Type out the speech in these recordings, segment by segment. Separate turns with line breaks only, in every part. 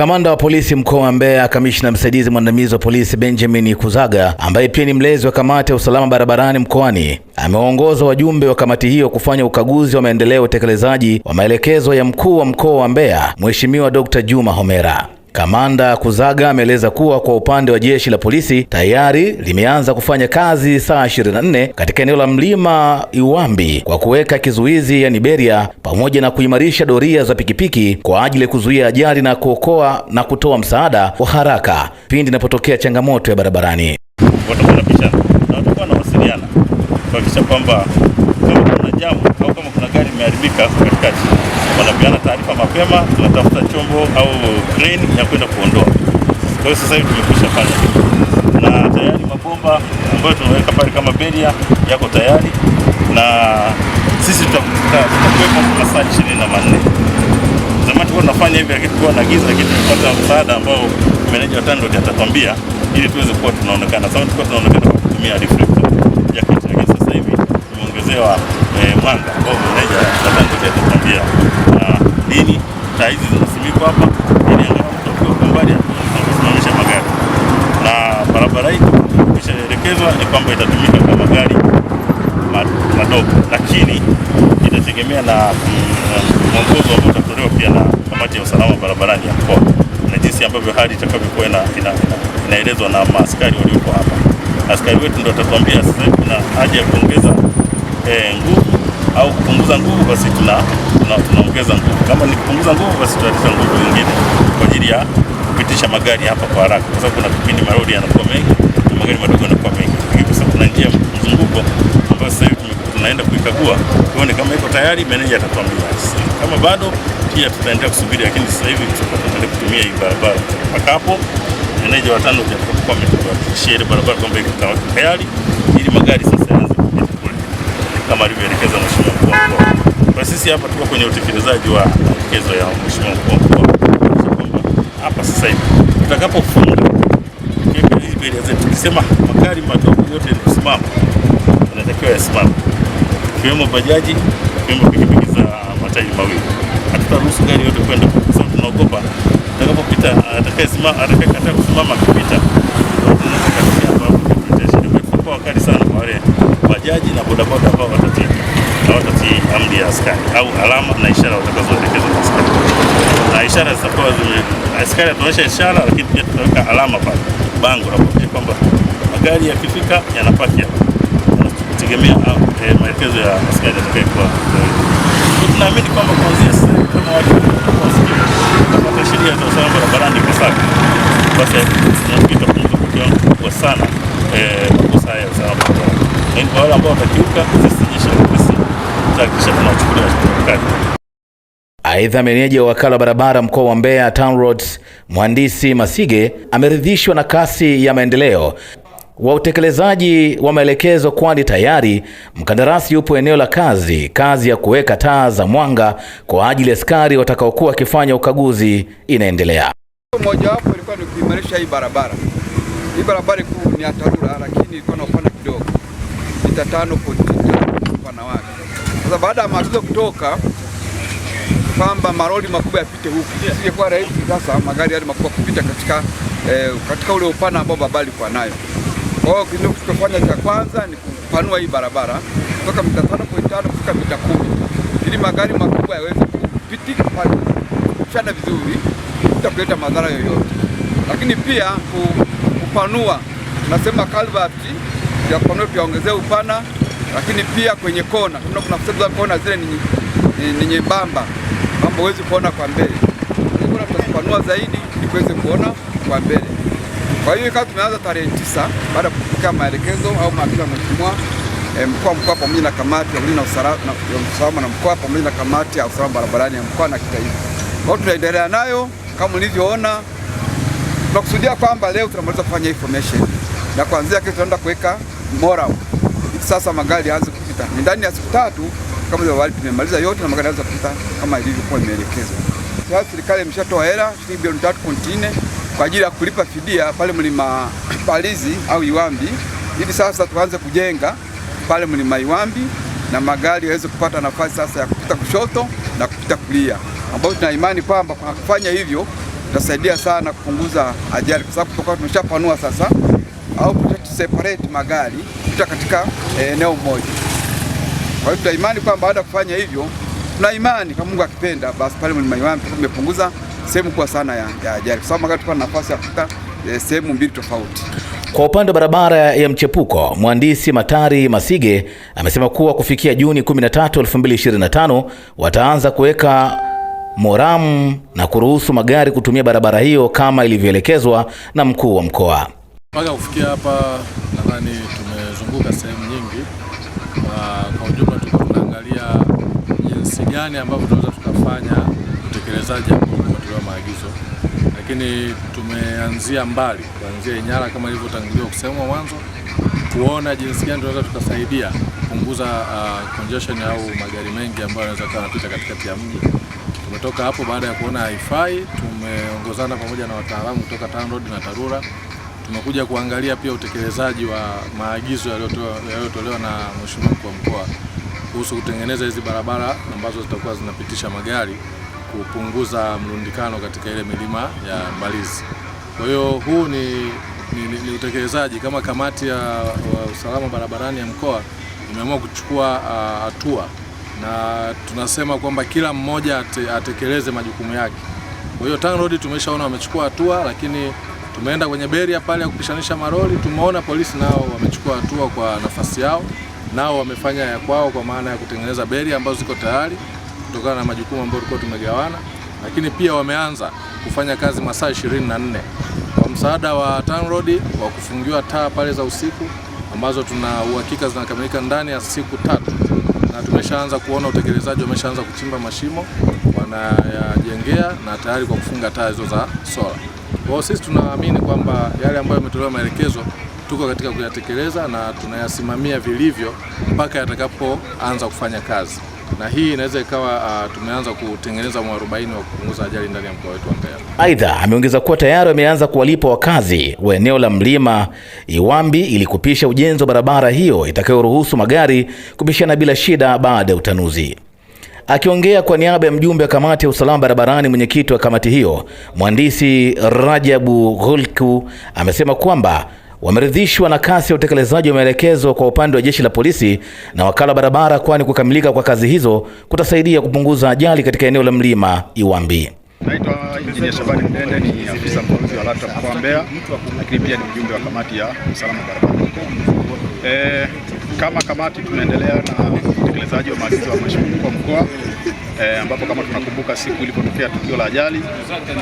Kamanda wa polisi mkoa wa Mbeya, kamishna msaidizi mwandamizi wa polisi Benjamin Kuzaga, ambaye pia ni mlezi wa kamati ya usalama barabarani mkoani, amewaongoza wajumbe wa kamati hiyo kufanya ukaguzi wa maendeleo ya utekelezaji wa maelekezo ya mkuu wa mkoa wa Mbeya, Mheshimiwa Dr. Juma Homera. Kamanda Kuzaga ameeleza kuwa kwa upande wa jeshi la polisi tayari limeanza kufanya kazi saa 24 katika eneo la mlima Iwambi kwa kuweka kizuizi yani beria pamoja na kuimarisha doria za pikipiki kwa ajili ya kuzuia ajali na kuokoa na kutoa msaada wa haraka pindi inapotokea changamoto ya barabarani.
Watakuwa na wasiliana kuhakikisha kwamba ajabu au kama kuna gari limeharibika katikati, wanapeana taarifa mapema, tunatafuta chombo au crane ya kwenda kuondoa. Kwa hiyo sasa hivi tumekwisha fanya na tayari mabomba ambayo tunaweka pale kama beria yako tayari, na sisi tutakuwepo saa ishirini na manne. Zamani tulikuwa tunafanya hivi lakini tulikuwa na giza, lakini tumepata msaada ambao meneja wa TANROADS atatwambia ili tuweze kuwa tunaonekana. Sasa tulikuwa tunaonekana kwa kutumia reflector kitu, lakini sasa hivi tumeongezewa Eh, Mwanga ambao meneja, labda ngoja nitakwambia nini. Ah, Taa hizi zinasimikwa hapa ili angalau mtu akiwa kwa mbali anasimamisha magari, na barabara hii imeshaelekezwa ni kwamba itatumika kwa magari madogo, lakini itategemea mm, na mwongozo ambao utatolewa pia na kamati ya usalama barabarani ya mkoa na jinsi ambavyo hali itakavyokuwa inaelezwa na maaskari walioko hapa. Askari wetu ndio atatuambia sasa hivi kuna haja ya kuongeza eh, nguvu au kupunguza nguvu, basi tunaongeza nguvu. Kama ni kupunguza nguvu, basi tutaleta nguvu nyingine kwa ajili ya kupitisha magari hapa kwa haraka, kwa sababu kuna kipindi malori yanakuwa mengi na magari madogo yanakuwa mengi. Kwa sababu kuna njia mzunguko ambayo sasa hivi tunaenda kuikagua tuone kama iko tayari, meneja atatuambia. Kama bado pia tutaendelea kusubiri, lakini sasa hivi tutaendelea kutumia hii barabara mpaka hapo meneja watano ametuhakikishia ile barabara kwamba iko tayari, ili magari sasa kama alivyoelekeza Mheshimiwa mkuu wa mkoa. Kwa sisi hapa tuko kwenye utekelezaji wa maelekezo ya Mheshimiwa mkuu wa mkoa kwamba hapa sasa hivi tutakapofunga Biblia zetu tukisema magari madogo yote kusimama, yanatakiwa yasimame, ikiwemo bajaji, ikiwemo pikipiki za matairi mawili. Hatutaruhusu gari yote kwenda kwa sababu tunaogopa atakapopita, atakayesimama, atakayekataa kusimama akipita kwa wakali sana kwa wale bajaji na bodaboda itikadi au alama na ishara watakazoelekezwa kwa askari, na ishara zitakuwa askari ataonyesha ishara, lakini pia tutaweka alama pale, bango la kuonyesha kwamba magari yakifika yanapaki hapa, kutegemea ah, e, eh, maelekezo ya askari atakayekuwa. Tunaamini kwamba kuanzia sasa kama watu wasikivu kama sheria za usalama barabarani iko safi, basi tunapita kwa kiwango kikubwa sana eh, makosa haya ya usalama barabarani, kwa wale ambao watakiuka zisije mpaka kisha tunachukuliwa Aidha, meneja wa wakala barabara mkoa wa Mbeya TANROADS mhandisi Masige ameridhishwa na kasi ya maendeleo wa utekelezaji wa maelekezo, kwani tayari mkandarasi yupo eneo la kazi, kazi ya kuweka taa za mwanga kwa ajili ya askari watakaokuwa wakifanya ukaguzi inaendelea. wapo ilikuwa ni kuimarisha hii barabara. Hii barabara kuu ni ya TARURA, lakini ilikuwa na upana kidogo mita 5.5 sasa baada ya maagizo kutoka kwamba maroli makubwa yapite huku, isingekuwa rahisi sasa magari yale makubwa kupita katika, eh, katika ule upana ambao barabara ilikuwa nayo. Kwa hiyo kilichofanya cha kwanza ni kupanua hii barabara kutoka mita 5.5 kufika mita 10 ili magari makubwa yaweze kupitika pale kuchana vizuri bila kuleta madhara yoyote, lakini pia kupanua, nasema kalvati ya kupanua, pia ongezea upana lakini pia kwenye kona kuna kuna za kona zile ni, ni, ni nyembamba ambapo huwezi kuona kwa mbele. Kuna tutapanua zaidi ili kuweze kuona kwa mbele. Kwa hiyo kama tumeanza tarehe tisa baada ya kupokea maelekezo au maagizo ya mheshimiwa e, mkuu wa mkoa pamoja na kamati ya ulinzi na usalama na mkoa pamoja na kamati ya usalama barabarani ya mkoa na kitaifa. Kwa hiyo tunaendelea nayo kama mlivyoona, tunakusudia kwamba leo tunamaliza kufanya information na kuanzia kesho tunaenda kuweka moral sasa magari yaanze kupita. Ni ndani ya siku tatu kama ile wali tumemaliza yote na magari yaanze kupita kama ilivyokuwa imeelekezwa. Sasa serikali imeshatoa hela shilingi bilioni kontine kwa ajili ya kulipa fidia pale mlima Palizi au Iwambi, ili sasa tuanze kujenga pale mlima Iwambi na magari yaweze kupata nafasi sasa ya kupita kushoto na kupita kulia, ambapo tuna imani kwamba kwa kufanya hivyo tutasaidia sana kupunguza ajali, kwa sababu tutakuwa tumeshapanua sasa au separate magari kuta katika eh, eneo moja. Kwa hiyo tuna imani kwamba baada ya kufanya hivyo, tuna imani kama Mungu akipenda, basi pale Mlima Iwambi tumepunguza sehemu kubwa sana ya ajali, kwa sababu magari tupa na nafasi ya kuta eh, sehemu mbili tofauti. Kwa upande wa barabara ya mchepuko, mhandisi Matari Masige amesema kuwa kufikia Juni 13, 2025 wataanza kuweka moramu na kuruhusu magari kutumia barabara hiyo kama ilivyoelekezwa na mkuu wa mkoa. Mpaka kufikia hapa nadhani tumezunguka sehemu nyingi, na kwa ujumla tulikuwa tunaangalia jinsi gani ambavyo tunaweza tukafanya utekelezaji wa maagizo, lakini tumeanzia mbali, kuanzia Inyala kama ilivyotanguliwa kusema mwanzo, kuona jinsi gani tunaweza tukasaidia kupunguza uh, congestion au magari mengi ambayo yanaweza kuwa yanapita katikati ya mji. Tumetoka hapo baada ya kuona haifai, tumeongozana pamoja na wataalamu kutoka TANROADS na TARURA tumekuja kuangalia pia utekelezaji wa maagizo yaliyotolewa na Mheshimiwa Mkuu wa Mkoa kuhusu kutengeneza hizi barabara ambazo zitakuwa zinapitisha magari kupunguza mlundikano katika ile milima ya Mbalizi. Kwa hiyo huu ni, ni, ni, ni utekelezaji. Kama kamati ya wa usalama barabarani ya mkoa imeamua kuchukua hatua na tunasema kwamba kila mmoja atekeleze majukumu yake. Kwa hiyo TANROADS tumeshaona wamechukua hatua, lakini Tumeenda kwenye beria pale ya kupishanisha maroli, tumeona polisi nao wamechukua hatua kwa nafasi yao, nao wamefanya ya kwao kwa maana ya kutengeneza beria ambazo ziko tayari kutokana na majukumu ambayo tulikuwa tumegawana, lakini pia wameanza kufanya kazi masaa nne kwa msaada wa TANROADS wa kufungiwa taa pale za usiku ambazo tuna uhakika zinakamilika ndani ya siku tatu, na tumeshaanza kuona utekelezaji, wameshaanza kuchimba mashimo wanayajengea na tayari kwa kufunga taa hizo za sola. Kwa sisi tunaamini kwamba yale ambayo yametolewa maelekezo tuko katika kuyatekeleza na tunayasimamia vilivyo mpaka yatakapoanza kufanya kazi, na hii inaweza ikawa uh, tumeanza kutengeneza mwarobaini wa kupunguza ajali ndani ya mkoa wetu wa Mbeya. Aidha, ameongeza kuwa tayari wameanza kuwalipa wakazi wa eneo la mlima Iwambi ili kupisha ujenzi wa barabara hiyo itakayoruhusu magari kupishana bila shida baada ya utanuzi. Akiongea kwa niaba ya mjumbe wa kamati ya usalama barabarani, mwenyekiti wa kamati hiyo mhandisi Rajabu Gholku amesema kwamba wameridhishwa na kasi ya utekelezaji wa maelekezo kwa upande wa jeshi la polisi na wakala wa barabara, kwani kukamilika kwa kazi hizo kutasaidia kupunguza ajali katika eneo la mlima Iwambi. Naitwa Injinia Shabani Mdende, ni afisa mkaguzi wa LATRA mkoa wa Mbeya, lakini pia ni mjumbe wa kamati ya usalama barabarani. Eh, kama kamati tunaendelea na utekelezaji wa maagizo ya Mheshimiwa Mkuu wa Mkoa e, ambapo kama tunakumbuka siku ilipotokea tukio la ajali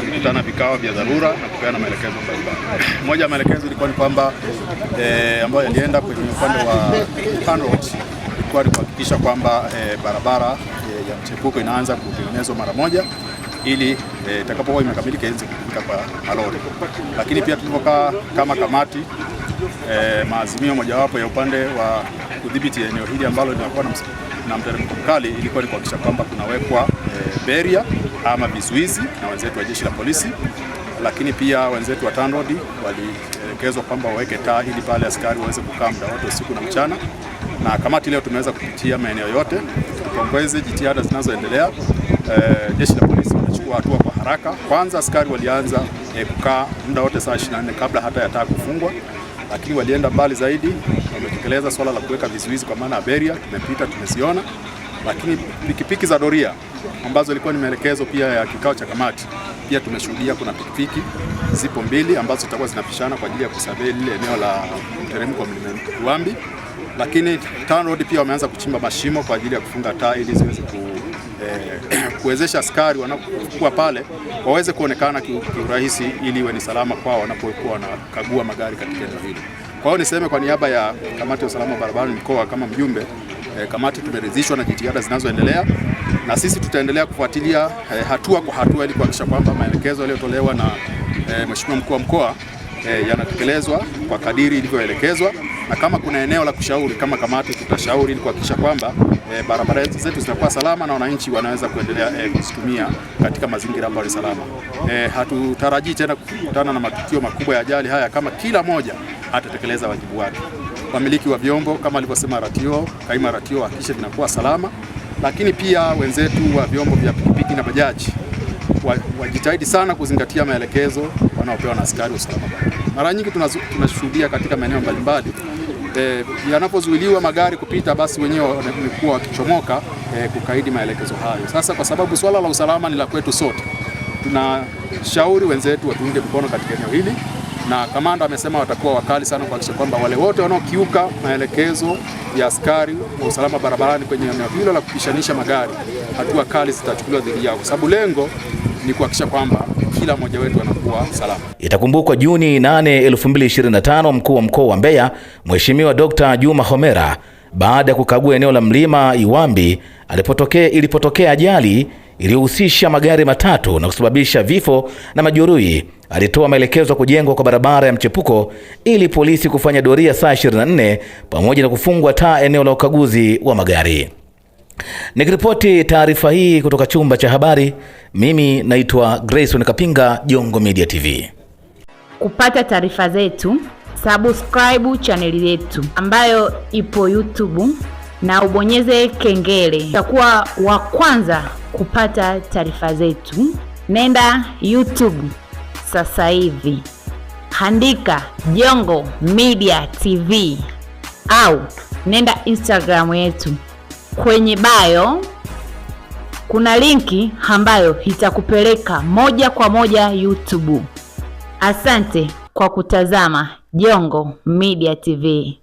tulikutana vikao vya dharura na kupeana maelekezo mbalimbali. Moja ya maelekezo ilikuwa ni kwamba e, ambayo yalienda kwenye upande wa ilikuwa ni kuhakikisha kwamba e, barabara e, ya mchepuko inaanza kutengenezwa mara moja ili itakapokuwa e, imekamilika iweze kufika kwa malori, lakini pia tulipokaa kama kamati eh, maazimio mojawapo ya upande wa kudhibiti eneo hili ambalo linakuwa na, na mteremko mkali ilikuwa ni kuhakikisha kwamba kunawekwa eh, beria ama vizuizi na wenzetu wa jeshi la polisi, lakini pia wenzetu wa TANROADS walielekezwa kwamba waweke taa ili pale askari waweze kukaa muda wote usiku na mchana, na kamati leo tumeweza kupitia maeneo yote. Tupongeze jitihada zinazoendelea eh, jeshi la polisi wanachukua hatua kwa haraka. Kwanza askari walianza eh, kukaa muda wote saa 24 kabla hata ya taa kufungwa lakini walienda mbali zaidi, wametekeleza swala la kuweka vizuizi kwa maana ya beria, tumepita tumeziona. Lakini pikipiki za doria ambazo ilikuwa ni maelekezo pia ya kikao cha kamati, pia tumeshuhudia kuna pikipiki zipo mbili ambazo zitakuwa zinapishana kwa ajili ya kusabei lile eneo la mteremko wa mlima Ruambi. Lakini TANROADS pia wameanza kuchimba mashimo kwa ajili ya kufunga taa ili ziweze ku eh, kuwezesha askari wanapokuwa pale waweze kuonekana kiurahisi ili iwe ni salama kwao wanapokuwa wanakagua magari katika eneo hili. Kwa hiyo niseme kwa niaba ya kamati ya usalama wa barabarani mkoa kama mjumbe eh, kamati tumeridhishwa na jitihada zinazoendelea na sisi tutaendelea kufuatilia eh, hatua kwa hatua ili kuhakikisha kwamba maelekezo yaliyotolewa na eh, Mheshimiwa mkuu wa mkoa eh, yanatekelezwa kwa kadiri ilivyoelekezwa na kama kuna eneo la kushauri kama kamati, tutashauri ili kuhakikisha kwamba e, barabara zetu zinakuwa salama na wananchi wanaweza kuendelea e, kuzitumia katika mazingira ambayo ni salama. E, hatutarajii tena kukutana na matukio makubwa ya ajali haya kama kila moja atatekeleza wajibu wake. Wamiliki wa vyombo kama alivyosema ratio, kaima ratio, hakikisha vinakuwa salama, lakini pia wenzetu wa vyombo vya pikipiki na bajaji wajitahidi wa sana kuzingatia maelekezo wanaopewa na askari wa usalama Mara nyingi tunashuhudia katika maeneo mbalimbali e, yanapozuiliwa magari kupita, basi wenyewe wanakuwa wakichomoka e, kukaidi maelekezo hayo. Sasa kwa sababu swala la usalama ni la kwetu sote, tunashauri wenzetu watuunge mkono katika eneo hili, na kamanda amesema watakuwa wakali sana kuhakikisha kwamba wale wote wanaokiuka maelekezo ya askari wa usalama barabarani kwenye eneo hilo la kupishanisha magari, hatua kali zitachukuliwa dhidi yao, kwa sababu lengo ni kuhakikisha kwamba kila mmoja wetu anakuwa salama. Itakumbukwa Juni 8, 2025 mkuu wa mkoa wa Mbeya Mheshimiwa Dr. Juma Homera baada ya kukagua eneo la mlima Iwambi alipotokea ilipotokea ajali iliyohusisha magari matatu na kusababisha vifo na majeruhi, alitoa maelekezo ya kujengwa kwa barabara ya mchepuko ili polisi kufanya doria saa 24 pamoja na kufungwa taa eneo la ukaguzi wa magari. Nikiripoti taarifa hii kutoka chumba cha habari, mimi naitwa Grayson Kapinga, Jongo Media TV. Kupata taarifa zetu, subscribe chaneli yetu ambayo ipo YouTube na ubonyeze kengele, utakuwa wa kwanza kupata taarifa zetu. Nenda YouTube sasa hivi, handika Jongo Media TV au nenda Instagram yetu kwenye bio kuna linki ambayo itakupeleka moja kwa moja YouTube. Asante kwa kutazama Jongo Media TV.